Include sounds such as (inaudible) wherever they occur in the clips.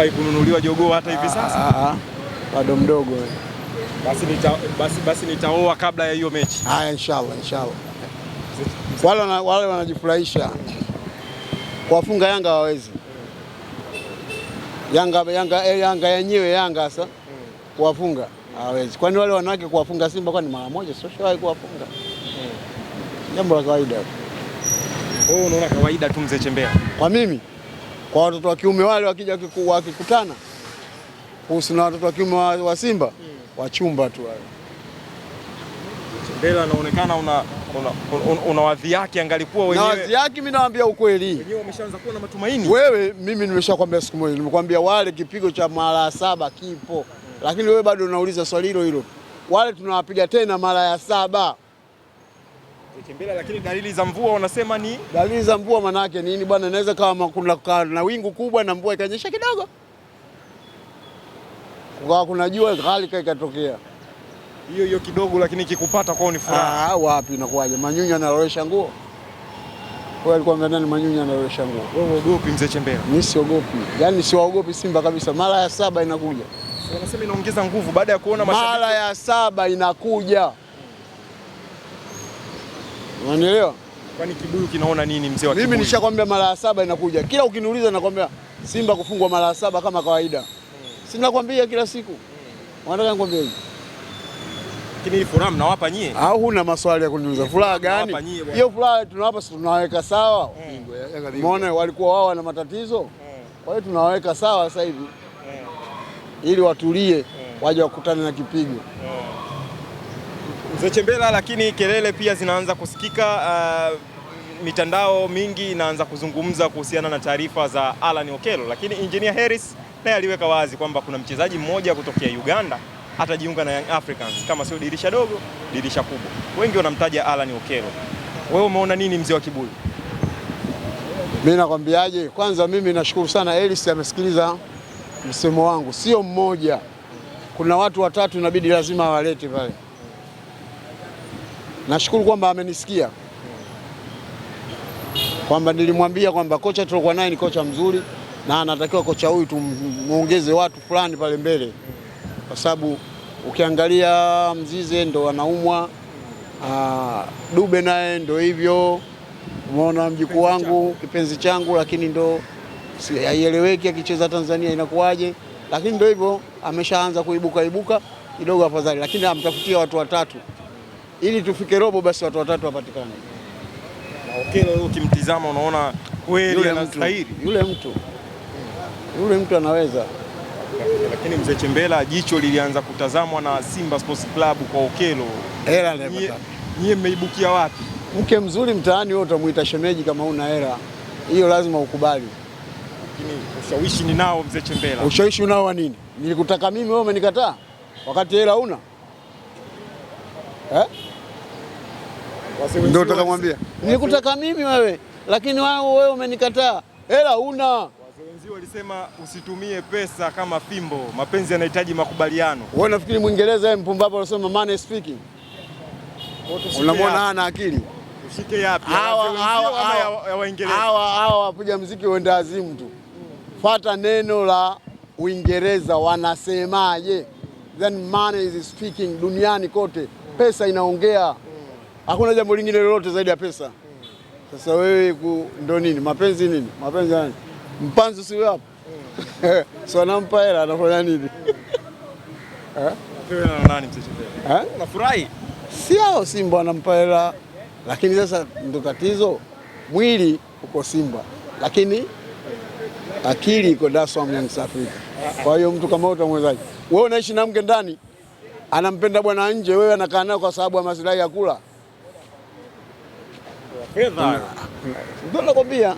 hufai kununuliwa jogoo hata hivi sasa? Ah, ah, ah. Bado mdogo. Basi nita, basi, basi nitaoa kabla ya hiyo mechi. Haya, inshallah inshallah. Wale wale wanajifurahisha kuwafunga Yanga hawawezi. Yanga Yanga eh, Yanga yenyewe Yanga sasa kuwafunga hawawezi. Kwani wale wanawake kuwafunga Simba kwani mara moja sishawahi kuwafunga jambo la kawaida. Wewe unaona kawaida tu mzee Chembea? Kwa mimi kwa watoto wa kiume wale wakija wakikutana kuhusu na watoto wa kiume wa, wa Simba hmm. wachumba tu wale. Mbele anaonekana una, una, una, una wadhi yake angalikuwa wenyewe. Na wadhi yake mimi naambia ukweli. Wenyewe wameshaanza kuwa na matumaini. Wewe mimi nimeshakwambia siku moja nimekwambia wale kipigo cha mara saba kipo. Hmm. Lakini wewe bado unauliza swali hilo hilo. Wale tunawapiga tena mara ya saba. Kimbela, lakini dalili za mvua wanasema ni dalili za mvua manake nini bwana? Inaweza kama kuna na wingu kubwa na mvua ikanyesha kidogo, kukawa kuna jua gharika ikatokea hiyo hiyo kidogo, lakini kikupata kwao ni furaha. Ah, ah Wapi, inakuwaje? manyunyu analowesha nguo kwa alikuwa Alikwambia ni manyunyu analowesha nguo? Wewe uogopi mzee Chembera? Mimi siogopi, yaani siwaogopi Simba kabisa. Mara ya saba inakuja, wanasema inaongeza nguvu baada ya kuona mashabiki. mara ya saba inakuja Unanielewa? Kwani kibuyu kinaona nini mzee wa kibuyu? Mimi nishakwambia mara saba inakuja. Kila ukiniuliza nakwambia Simba kufungwa mara ya saba kama kawaida. Si nakwambia kila siku. Wanataka nikwambie hivi. Lakini furaha mnawapa nyie? Au huna maswali ya kuniuliza. Eh, furaha gani? Hiyo furaha tunawapa sisi tunaweka sawa. Eh. Umeona walikuwa wao wana matatizo. Eh. Kwa hiyo tunawaweka sawa sasa hivi. Ili watulie waje wakutane na kipigo. Zechembela, lakini kelele pia zinaanza kusikika. Uh, mitandao mingi inaanza kuzungumza kuhusiana na taarifa za Alan Okello, lakini Engineer Harris naye aliweka wazi kwamba kuna mchezaji mmoja kutokea Uganda atajiunga na Young Africans, kama sio dirisha dogo, dirisha kubwa. Wengi wanamtaja Alan Okello, wewe umeona nini, mzee wa Kibuli? Mimi nakwambiaje, kwanza mimi nashukuru sana Harris amesikiliza msemo wangu, sio mmoja, kuna watu watatu inabidi lazima awalete pale Nashukuru kwamba amenisikia kwamba nilimwambia kwamba kocha tulikuwa naye ni kocha mzuri na anatakiwa kocha huyu tumuongeze watu fulani pale mbele, kwa sababu ukiangalia Mzize ndo anaumwa, ah, Dube naye ndo hivyo, umeona mjukuu wangu kipenzi changu, lakini ndo haieleweki akicheza Tanzania inakuwaje, lakini ndo hivyo ameshaanza kuibuka ibuka kidogo afadhali, lakini amtafutia watu watatu ili tufike robo, basi watu watatu wapatikane. Okelo okay, ukimtizama unaona kweli anastahili yule mtu, yule mtu anaweza lakini mzee Chembela, jicho lilianza kutazamwa na Simba Sports Club kwa Okelo. Hela ndio nyie mmeibukia wapi? Mke mzuri mtaani wewe utamwita shemeji kama una hela hiyo, lazima ukubali. Lakini ushawishi ni nao mzee Chembela, ushawishi unao wa nini? Nilikutaka mimi, wewe umenikataa wakati hela una eh? Ndio utakamwambia nikutaka mimi wewe, lakini wao wewe umenikataa, hela una wenzi walisema usitumie pesa kama fimbo, mapenzi yanahitaji makubaliano. Wewe unafikiri Mwingereza wewe, eh, mpumbavu unasema money speaking? Unamwona ana akili. Ushike yapi? Hawa hawa wapiga muziki wenda azimu tu, fata neno la Uingereza wanasemaje, then money is speaking duniani kote, pesa inaongea hakuna jambo lingine lolote zaidi ya pesa. Sasa wewe ndo nini mapenzi nini mapenzi nani? Mpanzu si hapo (laughs) so anampa hela anafanya nini? (laughs) Eh? Eh? si hao Simba anampa hela, lakini sasa ndo tatizo, mwili uko Simba lakini akili iko Dar es Salaam Young Kwa hiyo mtu kama utamwezaje wewe? Unaishi na mke ndani, anampenda bwana nje, wewe anakaa nao kwa sababu ya maslahi ya kula fedha. Ndio nakwambia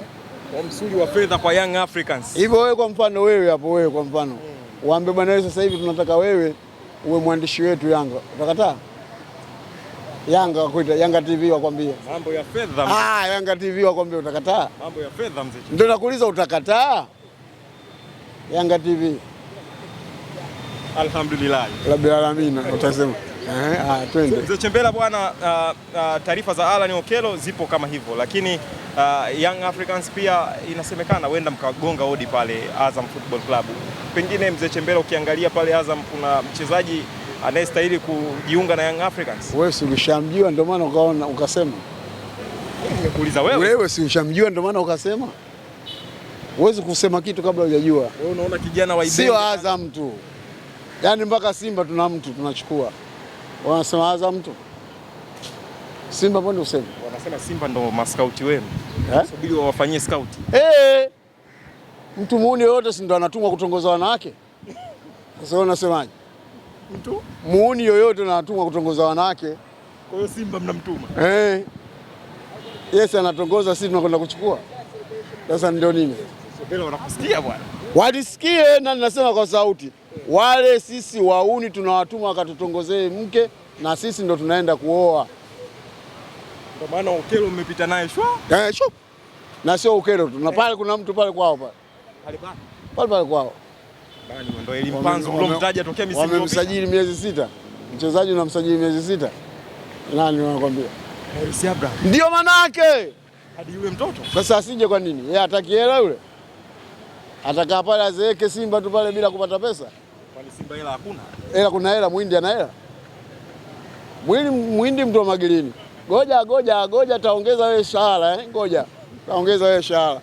kwa msuli wa fedha kwa Young Africans. Hivyo wewe kwa mfano wewe hapo wewe kwa mfano mm. waambie bwana wewe sasa hivi tunataka wewe uwe mwandishi wetu Yanga. Utakataa? Yanga wakuita Yanga TV wakwambie. Mambo ya fedha. Ah, Yanga TV wakwambie utakataa? Mambo ya fedha mzee. Ndio nakuuliza utakataa? Yanga TV. Alhamdulillah. Rabbil alamin utasema. Mzee eh, ah, Chembela bwana, uh, uh, taarifa za Alan okelo zipo kama hivyo, lakini uh, Young Africans pia inasemekana huenda mkagonga hodi pale Azam Football Club. Pengine Mzee Chembela, ukiangalia pale Azam kuna mchezaji anayestahili kujiunga na Young Africans? Wewe si ulishamjua ndio maana ukaona ukasema. Ningekuuliza wewe. Wewe si ulishamjua ndio maana ukasema. Huwezi kusema kitu kabla hujajua. Wewe unaona kijana wa Ibenge. Sio Azam tu. Yaani mpaka Simba tuna mtu tunachukua. Wanasema Azam tu Simba mbona useme? Wanasema Simba ndo maskauti wenu. Eh? Subiri wawafanyie scout. Eh. Mtu muuni yoyote si ndo anatumwa kutongoza wanawake? Sasa wewe unasemaje? Mtu muuni yoyote anatumwa kutongoza wanawake. Kwa hiyo Simba mnamtuma. Eh. Yes, anatongoza sisi tunakwenda kuchukua. Sasa ndio nini? Wanakusikia bwana. Walisikie na nasema kwa sauti wale sisi wauni tunawatuma wakatutongozee mke na sisi ndo tunaenda kuoa. Kwa maana ukero umepita naye shwa? Eh, shwa. Na sio ukero tu. Na eh. pale kuna mtu pale kwao pale. Pale pale. Pale pale kwao. elimu panzo elimpanzo mtaja tokea misimu Wamemsajili miezi sita. Mchezaji unamsajili miezi sita. Nani wanakwambia? Eh, si Abraham. Ndio manake. Hadi yule mtoto. Sasa asije kwa nini? Yeye hataki hela yule. Atakaa pale azeeke Simba tu pale bila kupata pesa. Kwani Simba hela hakuna? Hela kuna hela, mwindi ana hela. Muhindi Muhindi mtu wa magilini. Goja goja goja taongeza wewe shahara eh? Goja. Taongeza wewe shahara.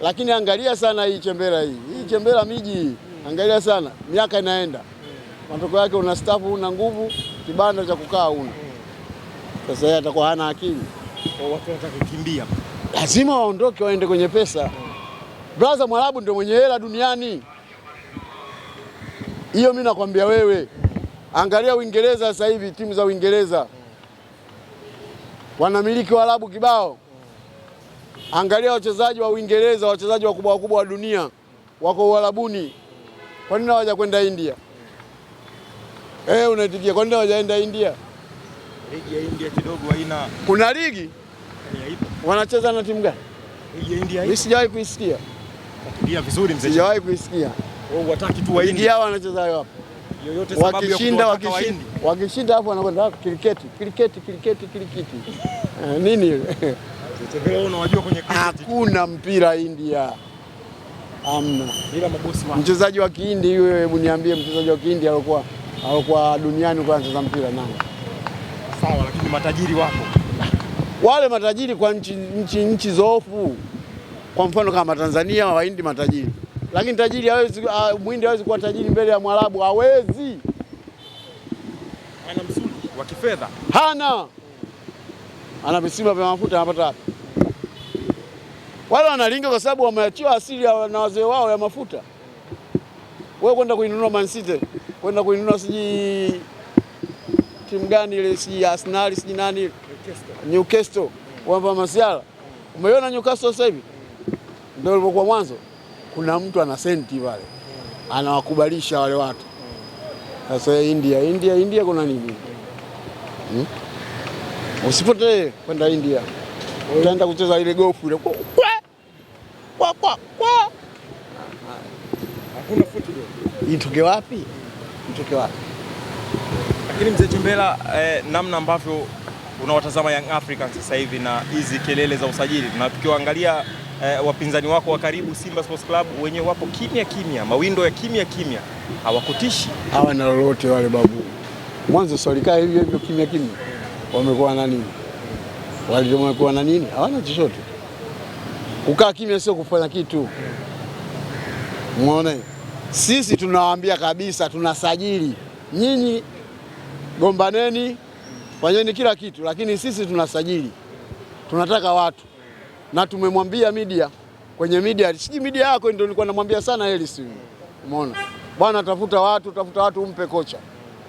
Lakini angalia sana hii chembera hii. Hii chembera miji. Angalia sana. Miaka inaenda. Matokeo yake una stafu una nguvu, kibanda cha kukaa una. Sasa yeye atakuwa hana akili. Kwa watu wanataka kukimbia. Lazima waondoke waende kwenye pesa. Brother Mwarabu ndio mwenye hela duniani hiyo mi nakwambia wewe, angalia Uingereza sasa hivi, timu za Uingereza wanamiliki Waarabu kibao. Angalia wachezaji wa Uingereza, wachezaji wakubwa wakubwa wa dunia wako Uarabuni. Kwa nini hawaja kwenda India? Eh, unaitikia, kwa nini hawajaenda India? Ligi ya India kidogo haina. Kuna ligi yaani wanacheza na timu gani? Mimi sijawahi kuisikia, sijawahi kuisikia. Wataki tu waindi. Ligi yao wanacheza hapo. Yoyote sababu wakishinda wakishinda wakishinda hapo wanakwenda ah, kriketi kriketi kriketi kriketi. (laughs) Eh, nini ile? Unawajua kwenye (laughs) kiriketi. Hakuna mpira India. Amna. Bila mabosi wao. Mchezaji wa Kihindi yule, hebu niambie mchezaji wa Kihindi alikuwa alikuwa duniani kwa anacheza mpira nani? Sawa, lakini matajiri wako. Wale matajiri kwa nchi nchi, nchi zoofu. Kwa mfano kama Tanzania, Wahindi matajiri lakini tajiri hawezi, uh, hawezi kuwa tajiri mbele ya Mwarabu, hawezi, ana msuli wa kifedha, hana ana visima vya mafuta, anapata wapi? Wale wanalinga kwa sababu wameachiwa asili na wazee wao ya mafuta. Wewe kwenda kuinunua Man City, kwenda kuinunua siji timu gani ile, siji Arsenal, siji nani, Newcastle, wampa masiala. Umeona Newcastle sasa hivi ndio ilivyokuwa mwanzo kuna mtu ana senti pale anawakubalisha wale watu. Sasa India, India, India kuna nini? Hmm? Usipotee kwenda India, utaenda kucheza ile gofu ile itoke wapi? Itoke wapi? Lakini mzee Chembela, eh, namna ambavyo unawatazama Young Africans sasa hivi na hizi kelele za usajili na tukiwaangalia eh, wapinzani wako wa karibu Simba Sports Club wenyewe wapo kimya kimya, mawindo ya kimya kimya, hawakutishi hawa na lolote wale babu. Mwanzo swalikaa hivyo hivyo kimya kimya, wamekuwa na nini? Wamekuwa na nini? Hawana chochote. Kukaa kimya sio kufanya kitu. Umeona, sisi tunawaambia kabisa, tunasajili nyinyi, gombaneni, fanyeni kila kitu, lakini sisi tunasajili, tunataka watu na tumemwambia media kwenye media, sijui media yako ndio nilikuwa namwambia sana Elis, umeona bwana, tafuta watu, tafuta watu umpe kocha,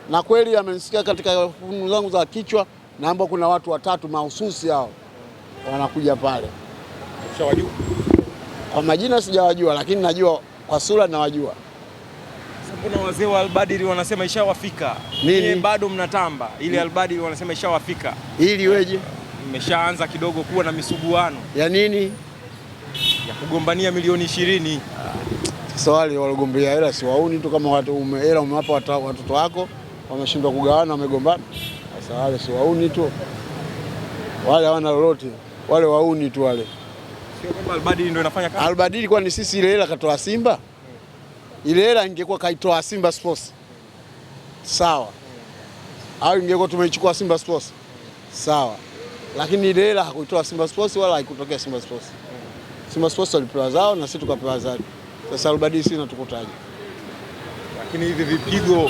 na kweli amenisikia katika fungu zangu za kichwa, naomba kuna watu watatu mahususi hao wanakuja pale. Ushawajua kwa majina? Sijawajua, lakini najua kwa sura nawajua. Kuna wazee wa Albadiri wanasema ishawafika, bado mnatamba ile. Albadiri wanasema ishawafika ili weje mmeshaanza kidogo kuwa na misuguano ya nini, ya kugombania milioni ishirini. Sasa wale walogombea hela si wauni tu, kama watu hela umewapa watoto wako wameshindwa kugawana, wamegombana. Sasa wale si wauni tu, wale hawana lolote, wale wauni tu wale. Sio kwamba Albadili ndio inafanya kazi. Albadili kwa ni sisi ile hela katoa Simba? Ile hela ingekuwa kaitoa Simba Sports sawa, au ingekuwa tumeichukua Simba Sports sawa lakini ile hela hakuitoa Simba Sports wala haikutokea Simba Sports. Simba Sports walipewa zao na sisi tukapewa zao. Sasa rubadi sisi natukutaje? Lakini hivi vipigo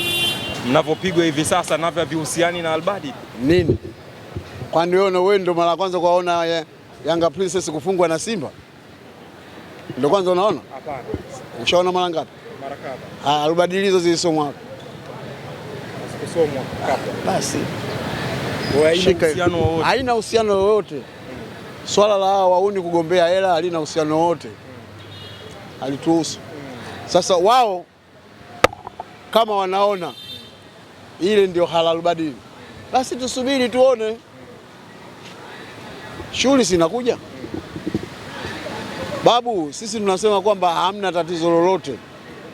mnavyopigwa hivi sasa navyo vihusiani na Albadi nini? Kwani wewe ndio mara kwanza kuona Yanga Princess kufungwa na Simba? Ndio kwanza unaona? Hapana. Ushaona mara ngapi? Mara kadhaa. Ah, rubadi hizo zilisomwa Zilisomwa hapo. Basi haina uhusiano wowote. Swala la wauni kugombea hela halina uhusiano wowote, halituhusu. Sasa wao kama wanaona ile ndio halal badili, basi tusubiri tuone, shughuli zinakuja. Babu, sisi tunasema kwamba hamna tatizo lolote,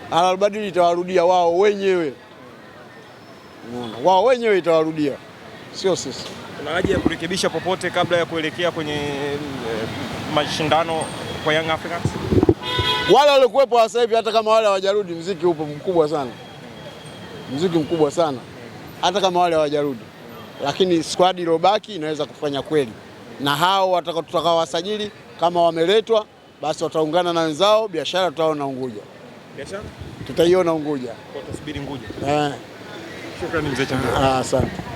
halal badili itawarudia wao wenyewe, wao wenyewe itawarudia sio sisi. Kuna haja ya kurekebisha popote kabla ya kuelekea kwenye eh, mashindano kwa Young Africans? Wale waliokuwepo sasa hivi hata kama wale hawajarudi, mziki upo mkubwa sana, mziki mkubwa sana hata kama wale hawajarudi, lakini squad ilobaki inaweza kufanya kweli, na hao watakao kama wameletwa basi wataungana na wenzao. Biashara tutaona Unguja, biashara tutaiona Unguja, tutasubiri Unguja. Eh, shukrani mzee Changa, ah, asante.